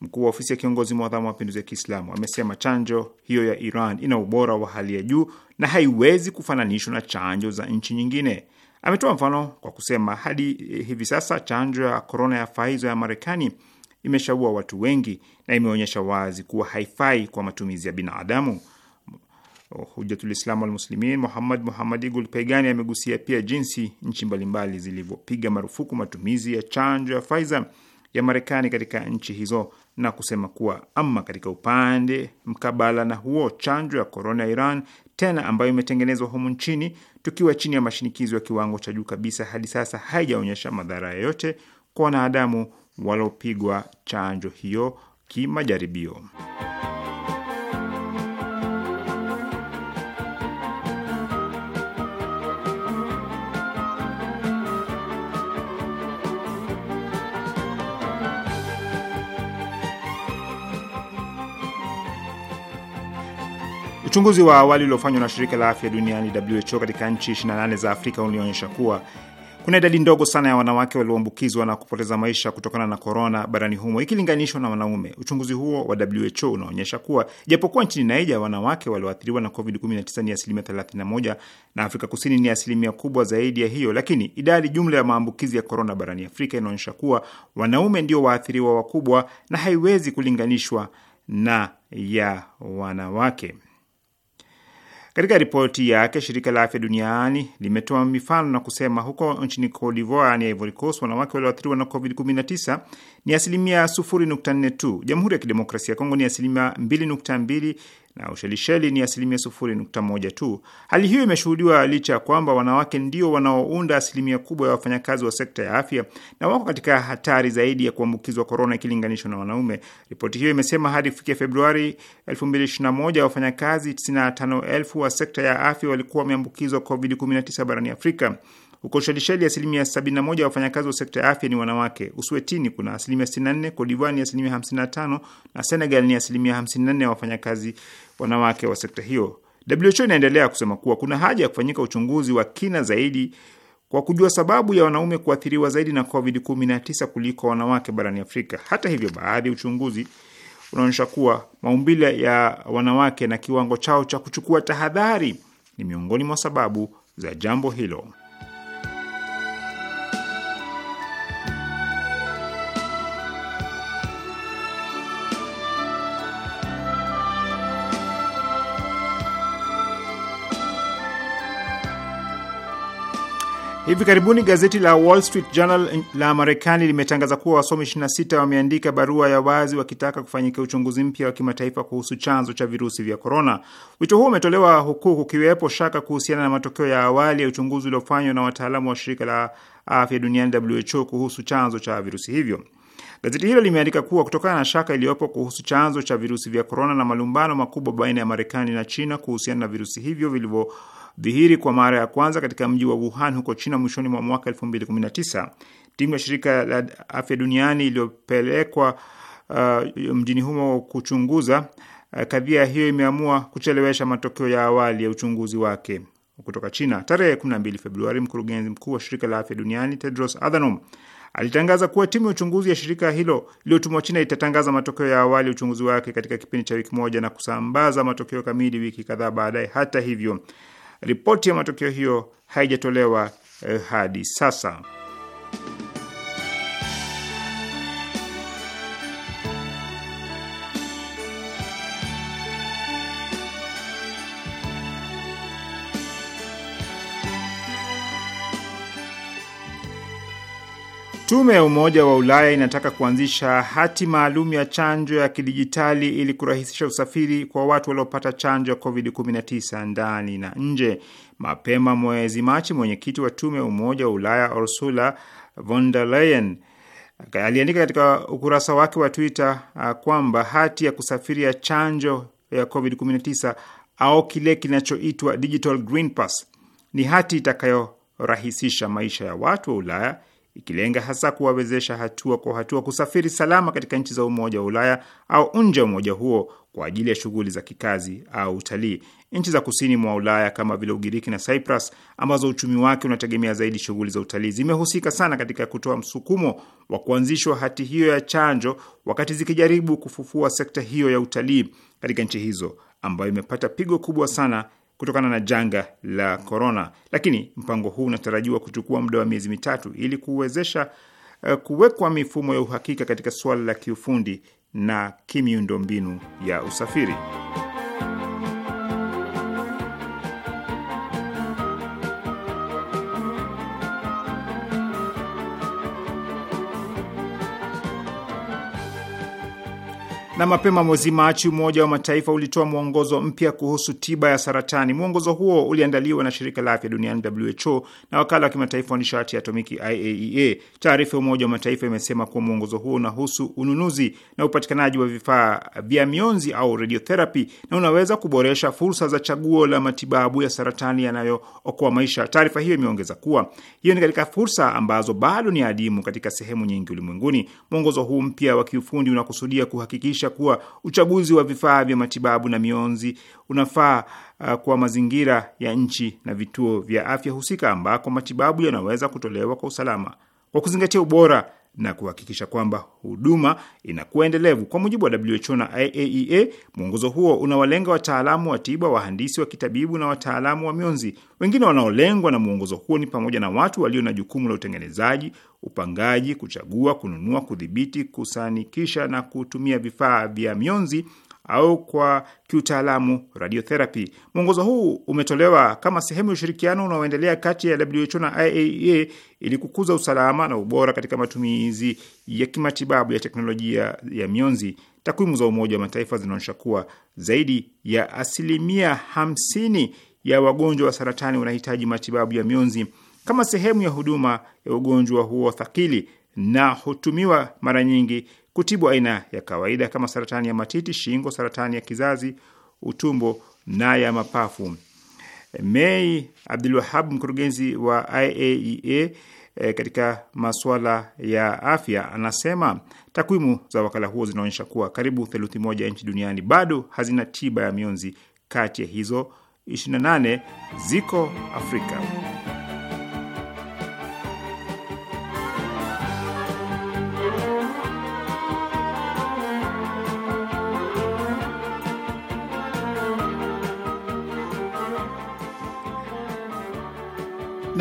Mkuu wa ofisi ya kiongozi mwadhamu wa mapinduzi ya Kiislamu amesema chanjo hiyo ya Iran ina ubora wa hali ya juu na haiwezi kufananishwa na chanjo za nchi nyingine. Ametoa mfano kwa kusema hadi hivi sasa chanjo ya korona ya Pfizer ya Marekani imeshaua watu wengi na imeonyesha wazi kuwa haifai kwa matumizi ya binadamu. Hujatulislamu Walmuslimin Muhammad Igul Peigani amegusia pia jinsi nchi mbalimbali zilivyopiga marufuku matumizi ya chanjo ya Pfizer ya Marekani katika nchi hizo na kusema kuwa ama katika upande mkabala na huo, chanjo ya korona ya Iran tena ambayo imetengenezwa humu nchini tukiwa chini ya mashinikizo ya kiwango cha juu kabisa, hadi sasa haijaonyesha madhara yoyote kwa wanadamu walopigwa chanjo hiyo kimajaribio. Uchunguzi wa awali uliofanywa na shirika la afya duniani WHO katika nchi 28 za Afrika ulionyesha kuwa kuna idadi ndogo sana ya wanawake walioambukizwa na kupoteza maisha kutokana na korona barani humo ikilinganishwa na wanaume. Uchunguzi huo wa WHO unaonyesha kuwa japokuwa nchini Naija wanawake walioathiriwa na covid-19 ni asilimia 31 na Afrika Kusini ni asilimia kubwa zaidi ya hiyo, lakini idadi jumla ya maambukizi ya korona barani Afrika inaonyesha kuwa wanaume ndio waathiriwa wakubwa na haiwezi kulinganishwa na ya wanawake. Katika ripoti yake, shirika la afya duniani limetoa mifano na kusema huko nchini Cote d'Ivoire, yaani Ivory Coast, wanawake walioathiriwa na COVID-19 ni asilimia 0.4 tu. Jamhuri ya Kidemokrasia ya Kongo ni asilimia 2.2 na Ushelisheli ni asilimia 0.1 tu. Hali hiyo imeshuhudiwa licha ya kwamba wanawake ndio wanaounda asilimia kubwa ya wafanyakazi wa sekta ya afya na wako katika hatari zaidi ya kuambukizwa korona ikilinganishwa na wanaume. Ripoti hiyo imesema hadi kufikia Februari 2021 wafanyakazi 95,000 wa sekta ya afya walikuwa wameambukizwa COVID-19 barani Afrika. Huko Shelisheli asilimia 71 ya wafanyakazi wa sekta ya afya ni wanawake. Uswetini kuna asilimia 64, Kodivani asilimia 55 na Senegal ni asilimia 54 ya wafanyakazi wanawake wa sekta hiyo. WHO inaendelea kusema kuwa kuna haja ya kufanyika uchunguzi wa kina zaidi kwa kujua sababu ya wanaume kuathiriwa zaidi na COVID-19 kuliko wanawake barani Afrika. Hata hivyo, baadhi ya uchunguzi unaonyesha kuwa maumbile ya wanawake na kiwango chao cha kuchukua tahadhari ni miongoni mwa sababu za jambo hilo. Hivi karibuni gazeti la Wall Street Journal la Marekani limetangaza kuwa wasomi 26 wameandika barua ya wazi wakitaka kufanyika uchunguzi mpya wa kimataifa kuhusu chanzo cha virusi vya korona. Wito huo umetolewa huku kukiwepo shaka kuhusiana na matokeo ya awali ya uchunguzi uliofanywa na wataalamu wa shirika la afya duniani WHO kuhusu chanzo cha virusi hivyo. Gazeti hilo limeandika kuwa kutokana na shaka iliyopo kuhusu chanzo cha virusi vya korona na malumbano makubwa baina ya Marekani na China kuhusiana na virusi hivyo vilivyo dhihiri kwa mara ya kwanza katika mji wa Wuhan huko China mwishoni mwa mwaka 2019. Timu ya shirika la afya duniani iliyopelekwa uh, mjini humo kuchunguza uh, kadhia hiyo imeamua kuchelewesha matokeo ya awali ya uchunguzi wake kutoka China. Tarehe 12 Februari, mkurugenzi mkuu wa shirika la afya duniani Tedros Adhanom alitangaza kuwa timu ya uchunguzi ya shirika hilo iliyotumwa China itatangaza matokeo ya awali uchunguzi wake katika kipindi cha wiki moja na kusambaza matokeo kamili wiki kadhaa baadaye. Hata hivyo, Ripoti ya matokeo hiyo haijatolewa eh, hadi sasa. Tume ya Umoja wa Ulaya inataka kuanzisha hati maalum ya chanjo ya kidijitali ili kurahisisha usafiri kwa watu waliopata chanjo ya COVID-19 ndani na nje. Mapema mwezi Machi, mwenyekiti wa tume ya Umoja wa Ulaya Ursula von der Leyen aliandika katika ukurasa wake wa Twitter uh, kwamba hati ya kusafiri ya chanjo ya COVID-19 au kile kinachoitwa Digital Green Pass ni hati itakayorahisisha maisha ya watu wa Ulaya ikilenga hasa kuwawezesha hatua kwa hatua kusafiri salama katika nchi za Umoja wa Ulaya au nje ya umoja huo kwa ajili ya shughuli za kikazi au utalii. Nchi za kusini mwa Ulaya kama vile Ugiriki na Cyprus, ambazo uchumi wake unategemea zaidi shughuli za utalii, zimehusika sana katika kutoa msukumo wa kuanzishwa hati hiyo ya chanjo, wakati zikijaribu kufufua sekta hiyo ya utalii katika nchi hizo ambayo imepata pigo kubwa sana kutokana na janga la korona, lakini mpango huu unatarajiwa kuchukua muda wa miezi mitatu ili kuwezesha uh, kuwekwa mifumo ya uhakika katika suala la kiufundi na kimiundombinu ya usafiri. Na mapema mwezi Machi, Umoja wa Mataifa ulitoa mwongozo mpya kuhusu tiba ya saratani. Mwongozo huo uliandaliwa na Shirika la Afya Duniani, WHO, na Wakala wa Kimataifa wa Nishati ya Atomiki, IAEA. E Taarifa ya Umoja wa Mataifa imesema kuwa mwongozo huo unahusu ununuzi na upatikanaji wa vifaa vya mionzi au radiotherapy na unaweza kuboresha fursa za chaguo la matibabu ya saratani yanayookoa maisha. Taarifa hiyo imeongeza kuwa hiyo ni katika fursa ambazo bado ni adimu katika sehemu nyingi ulimwenguni. Mwongozo huu mpya wa kiufundi unakusudia kuhakikisha kuhakikisha kuwa uchaguzi wa vifaa vya matibabu na mionzi unafaa uh, kwa mazingira ya nchi na vituo vya afya husika ambako matibabu yanaweza kutolewa kwa usalama kwa kuzingatia ubora na kuhakikisha kwamba huduma inakuwa endelevu. Kwa mujibu wa WHO na IAEA, e mwongozo huo unawalenga wataalamu wa tiba, wahandisi wa kitabibu na wataalamu wa mionzi. Wengine wanaolengwa na mwongozo huo ni pamoja na watu walio na jukumu la utengenezaji, upangaji, kuchagua, kununua, kudhibiti, kusanikisha na kutumia vifaa vya mionzi au kwa kiutaalamu radiotherapy. Mwongozo huu umetolewa kama sehemu ya ushirikiano unaoendelea kati ya WHO na IAEA e ili kukuza usalama na ubora katika matumizi ya kimatibabu ya teknolojia ya mionzi. Takwimu za Umoja wa Mataifa zinaonyesha kuwa zaidi ya asilimia hamsini ya wagonjwa wa saratani wanahitaji matibabu ya mionzi kama sehemu ya huduma ya ugonjwa huo thakili na hutumiwa mara nyingi kutibu aina ya kawaida kama saratani ya matiti, shingo, saratani ya kizazi, utumbo na ya mapafu. Mei abdul Wahab, mkurugenzi wa IAEA e, eh, katika masuala ya afya, anasema takwimu za wakala huo zinaonyesha kuwa karibu theluthi moja ya nchi duniani bado hazina tiba ya mionzi. Kati ya hizo 28 ziko Afrika.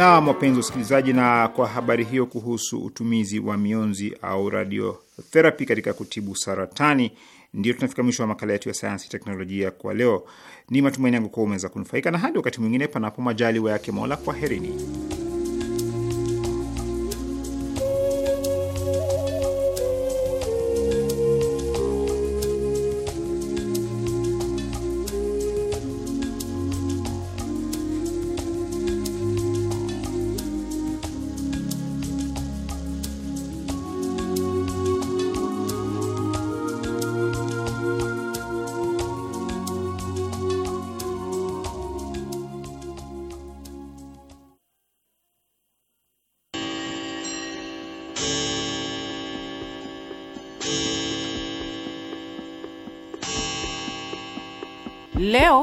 Naam, wapenzi wasikilizaji, na kwa habari hiyo kuhusu utumizi wa mionzi au radiotherapi katika kutibu saratani, ndio tunafika mwisho wa makala yetu ya sayansi teknolojia kwa leo. Ni matumaini yangu kuwa umeweza kunufaika, na hadi wakati mwingine, panapo majaliwa yake Mola, kwaherini.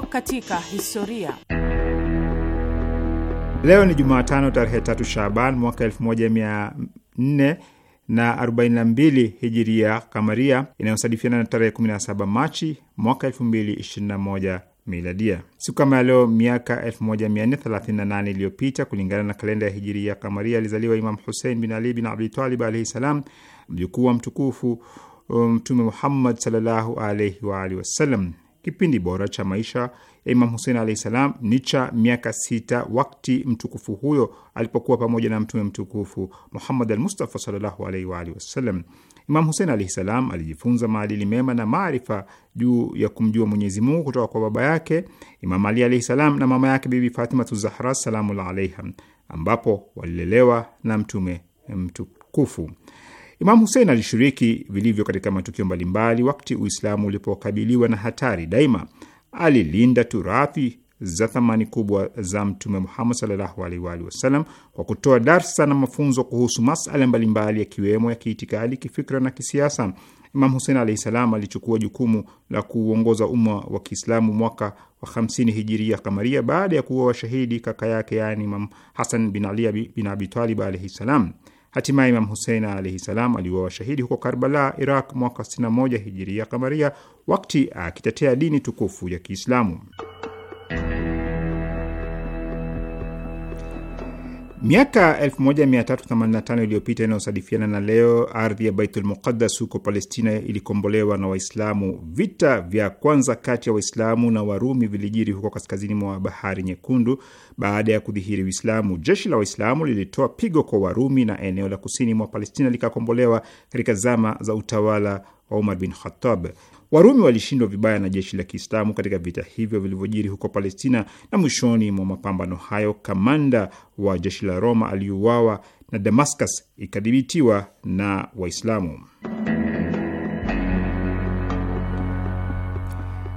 katika historia. Leo ni Jumatano tarehe tatu Shaban mwaka 1400 na 42 hijiria kamaria inayosadifiana na tarehe 17 Machi mwaka 2021 miladia. Siku kama ya leo miaka 1438 iliyopita kulingana na kalenda ya hijiria kamaria alizaliwa Imam Husein bin Ali bin Abitalib alaihi salam, mjukuu wa mtukufu um, Mtume um, Muhammad sallallahu alaihi waalihi wasallam. Kipindi bora cha maisha ya Imam Husein alahi salam ni cha miaka sita, wakti mtukufu huyo alipokuwa pamoja na mtume mtukufu Muhammad al Mustafa sallallahu alaihi wasallam. Imam Husein alahi salam alijifunza maadili mema na maarifa juu ya kumjua Mwenyezi Mungu kutoka kwa baba yake Imam Ali alahi salam na mama yake Bibi Fatima Tuzahra salamullah alaiha, ambapo walilelewa na mtume mtukufu. Imam Husein alishiriki vilivyo katika matukio mbalimbali wakati Uislamu ulipokabiliwa na hatari. Daima alilinda turathi za thamani kubwa za Mtume Muhammad sallallahu alaihi wa alihi wasallam kwa kutoa darsa na mafunzo kuhusu masala mbalimbali yakiwemo ya kiitikadi, kifikra na kisiasa. Imam Husein alaihi salam alichukua jukumu la kuuongoza umma wa Kiislamu mwaka wa 50 hijiria kamaria baada ya kuwa washahidi kaka yake, yaani Imam Hasan bin Ali bin Abitalib alaihi salam. Hatimaye Imam Husein alaihi salam aliuawa shahidi huko Karbala, Iraq mwaka 61 hijiria kamaria, wakti akitetea dini tukufu ya Kiislamu. Miaka 1385 iliyopita inayosadifiana na leo, ardhi ya Baitul Muqaddas huko Palestina ilikombolewa na Waislamu. Vita vya kwanza kati ya Waislamu na Warumi vilijiri huko kaskazini mwa Bahari Nyekundu. Baada ya kudhihiri Uislamu, jeshi la Waislamu lilitoa pigo kwa Warumi na eneo la kusini mwa Palestina likakombolewa katika zama za utawala wa Umar bin Khattab. Warumi walishindwa vibaya na jeshi la Kiislamu katika vita hivyo vilivyojiri huko Palestina, na mwishoni mwa mapambano hayo kamanda wa jeshi la Roma aliuawa na Damascus ikadhibitiwa na Waislamu.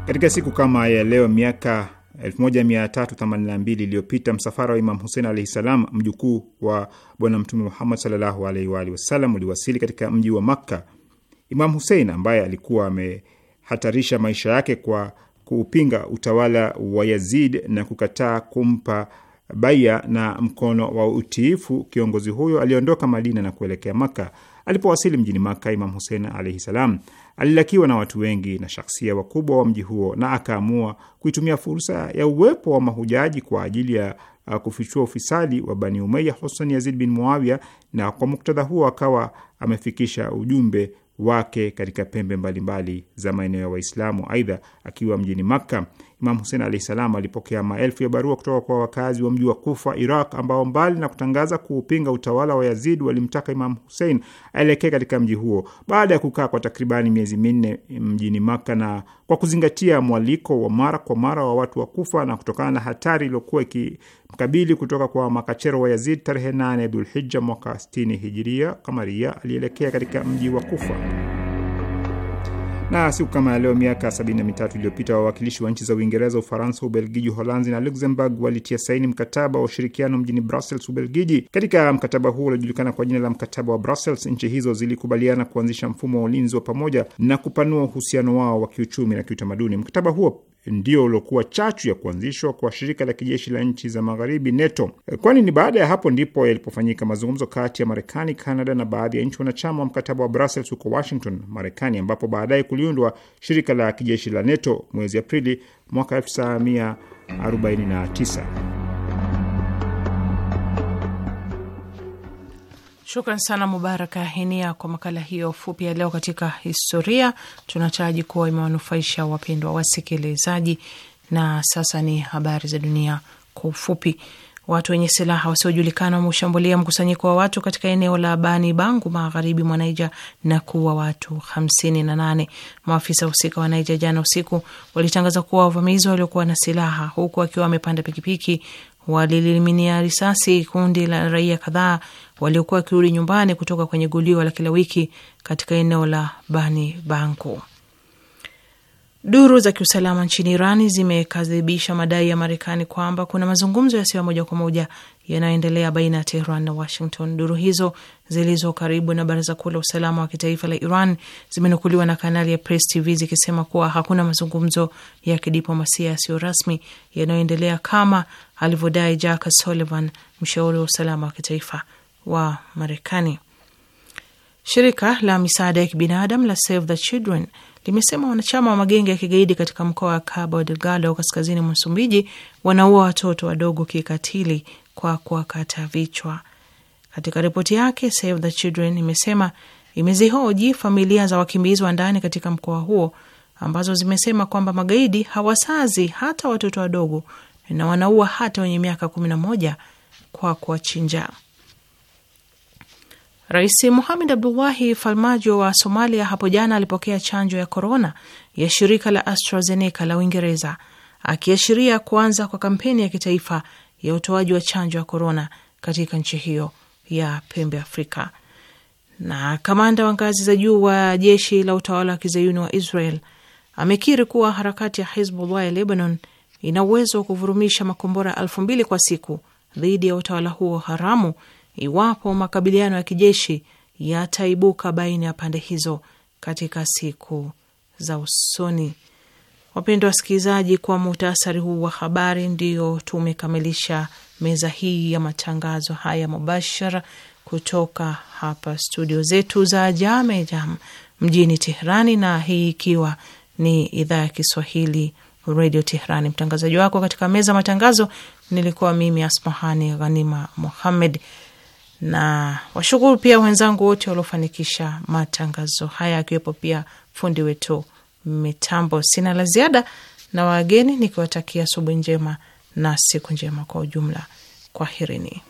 Katika siku kama ya leo miaka 1382 iliyopita msafara wa Imam Husein alaihi salam, mjukuu wa Bwana Mtume Muhammad sallallahu alaihi wa alihi wasallam, uliwasili katika mji wa Makka. Imam Husein ambaye alikuwa ame hatarisha maisha yake kwa kuupinga utawala wa Yazid na kukataa kumpa baia na mkono wa utiifu, kiongozi huyo aliondoka Madina na kuelekea Maka. Alipowasili mjini Maka, Imam Husein alaihi salam alilakiwa na watu wengi na shaksia wakubwa wa mji huo, na akaamua kuitumia fursa ya uwepo wa mahujaji kwa ajili ya uh, kufichua ufisadi wa Bani Umayya, hususan Yazid bin Muawiya, na kwa muktadha huo akawa amefikisha ujumbe wake katika pembe mbalimbali za maeneo ya Waislamu. Aidha, akiwa mjini Makka, Imam Husein alahi salam alipokea maelfu ya barua kutoka kwa wakazi wa mji wa Kufa, Iraq, ambao mbali na kutangaza kuupinga utawala wa Yazid walimtaka Imam Husein aelekee katika mji huo. Baada ya kukaa kwa takribani miezi minne mjini Maka na kwa kuzingatia mwaliko wa mara kwa mara wa watu wa Kufa na kutokana na hatari iliyokuwa ikimkabili kutoka kwa makachero wa Yazid, tarehe 8 Dhulhija mwaka 60 hijiria kamaria alielekea katika mji wa Kufa. Na siku kama ya leo miaka sabini na mitatu iliyopita wawakilishi wa nchi za Uingereza, Ufaransa, Ubelgiji, Uholanzi na Luxembourg walitia saini mkataba wa ushirikiano mjini Brussels, Ubelgiji. Katika mkataba huo uliojulikana kwa jina la mkataba wa Brussels, nchi hizo zilikubaliana kuanzisha mfumo wa ulinzi wa pamoja na kupanua uhusiano wao wa kiuchumi na kiutamaduni. Mkataba huo ndio uliokuwa chachu ya kuanzishwa kwa shirika la kijeshi la nchi za magharibi NATO, kwani ni baada ya hapo ndipo yalipofanyika mazungumzo kati ya Marekani, Kanada na baadhi ya nchi wanachama wa mkataba wa Brussels huko Washington, Marekani, ambapo baadaye kuliundwa shirika la kijeshi la NATO mwezi Aprili mwaka 1949. Shukran sana Mubaraka Henia kwa makala hiyo fupi ya leo katika historia. Tunataraji kuwa imewanufaisha wapendwa wasikilizaji. Na sasa ni habari za dunia kwa ufupi. Watu wenye silaha wasiojulikana wameushambulia mkusanyiko wa watu katika eneo la Bani Bangu magharibi mwa Naija na kuua watu hamsini na nane. Maafisa husika wa Naija jana usiku walitangaza kuwa wavamizi waliokuwa na silaha huku wakiwa wamepanda pikipiki waliliminia risasi kundi la raia kadhaa waliokuwa wakirudi nyumbani kutoka kwenye gulio la kila wiki katika eneo la Bani Banko. Duru za kiusalama nchini Irani zimekadhibisha madai ya Marekani kwamba kuna mazungumzo yasiyo moja kwa moja yanayoendelea baina ya Tehran na Washington. Duru hizo zilizo karibu na baraza kuu la usalama wa kitaifa la Iran zimenukuliwa na kanali ya Press TV zikisema kuwa hakuna mazungumzo ya kidiplomasia yasiyo rasmi yanayoendelea kama alivyodai Jack Sullivan, mshauri wa usalama wa kitaifa wa Marekani. Shirika la misaada ya kibinadamu la Save the Children limesema wanachama wa magenge ya kigaidi katika mkoa wa Cabo Delgado kaskazini Msumbiji wanaua watoto wadogo kikatili kwa kuwakata vichwa. Katika ripoti yake Save the Children imesema imezihoji familia za wakimbizi wa ndani katika mkoa huo ambazo zimesema kwamba magaidi hawasazi hata watoto wadogo na wanaua hata wenye miaka kumi na moja kwa kuwachinja. Rais muhamed Abdullahi Falmajo wa Somalia hapo jana alipokea chanjo ya korona ya shirika la AstraZeneca la Uingereza, akiashiria kuanza kwa kampeni ya kitaifa ya utoaji wa chanjo ya korona katika nchi hiyo ya pembe Afrika. Na kamanda wa ngazi za juu wa jeshi la utawala wa kizayuni wa Israel amekiri kuwa harakati ya Hizbullah ya Lebanon ina uwezo wa kuvurumisha makombora elfu mbili kwa siku dhidi ya utawala huo haramu iwapo makabiliano ya kijeshi yataibuka baina ya pande hizo katika siku za usoni. Wapendwa wasikilizaji, kwa muhtasari huu wa habari, ndio tumekamilisha meza hii ya matangazo haya mubashara kutoka hapa studio zetu za Jame Jam mjini Teherani, na hii ikiwa ni idhaa ya Kiswahili Redio Teherani. Mtangazaji wako katika meza matangazo nilikuwa mimi Asmahani Ghanima Muhammed, na washukuru pia wenzangu wote waliofanikisha matangazo haya, akiwepo pia fundi wetu mitambo. Sina la ziada na wageni, nikiwatakia asubuhi njema na siku njema kwa ujumla. Kwaherini.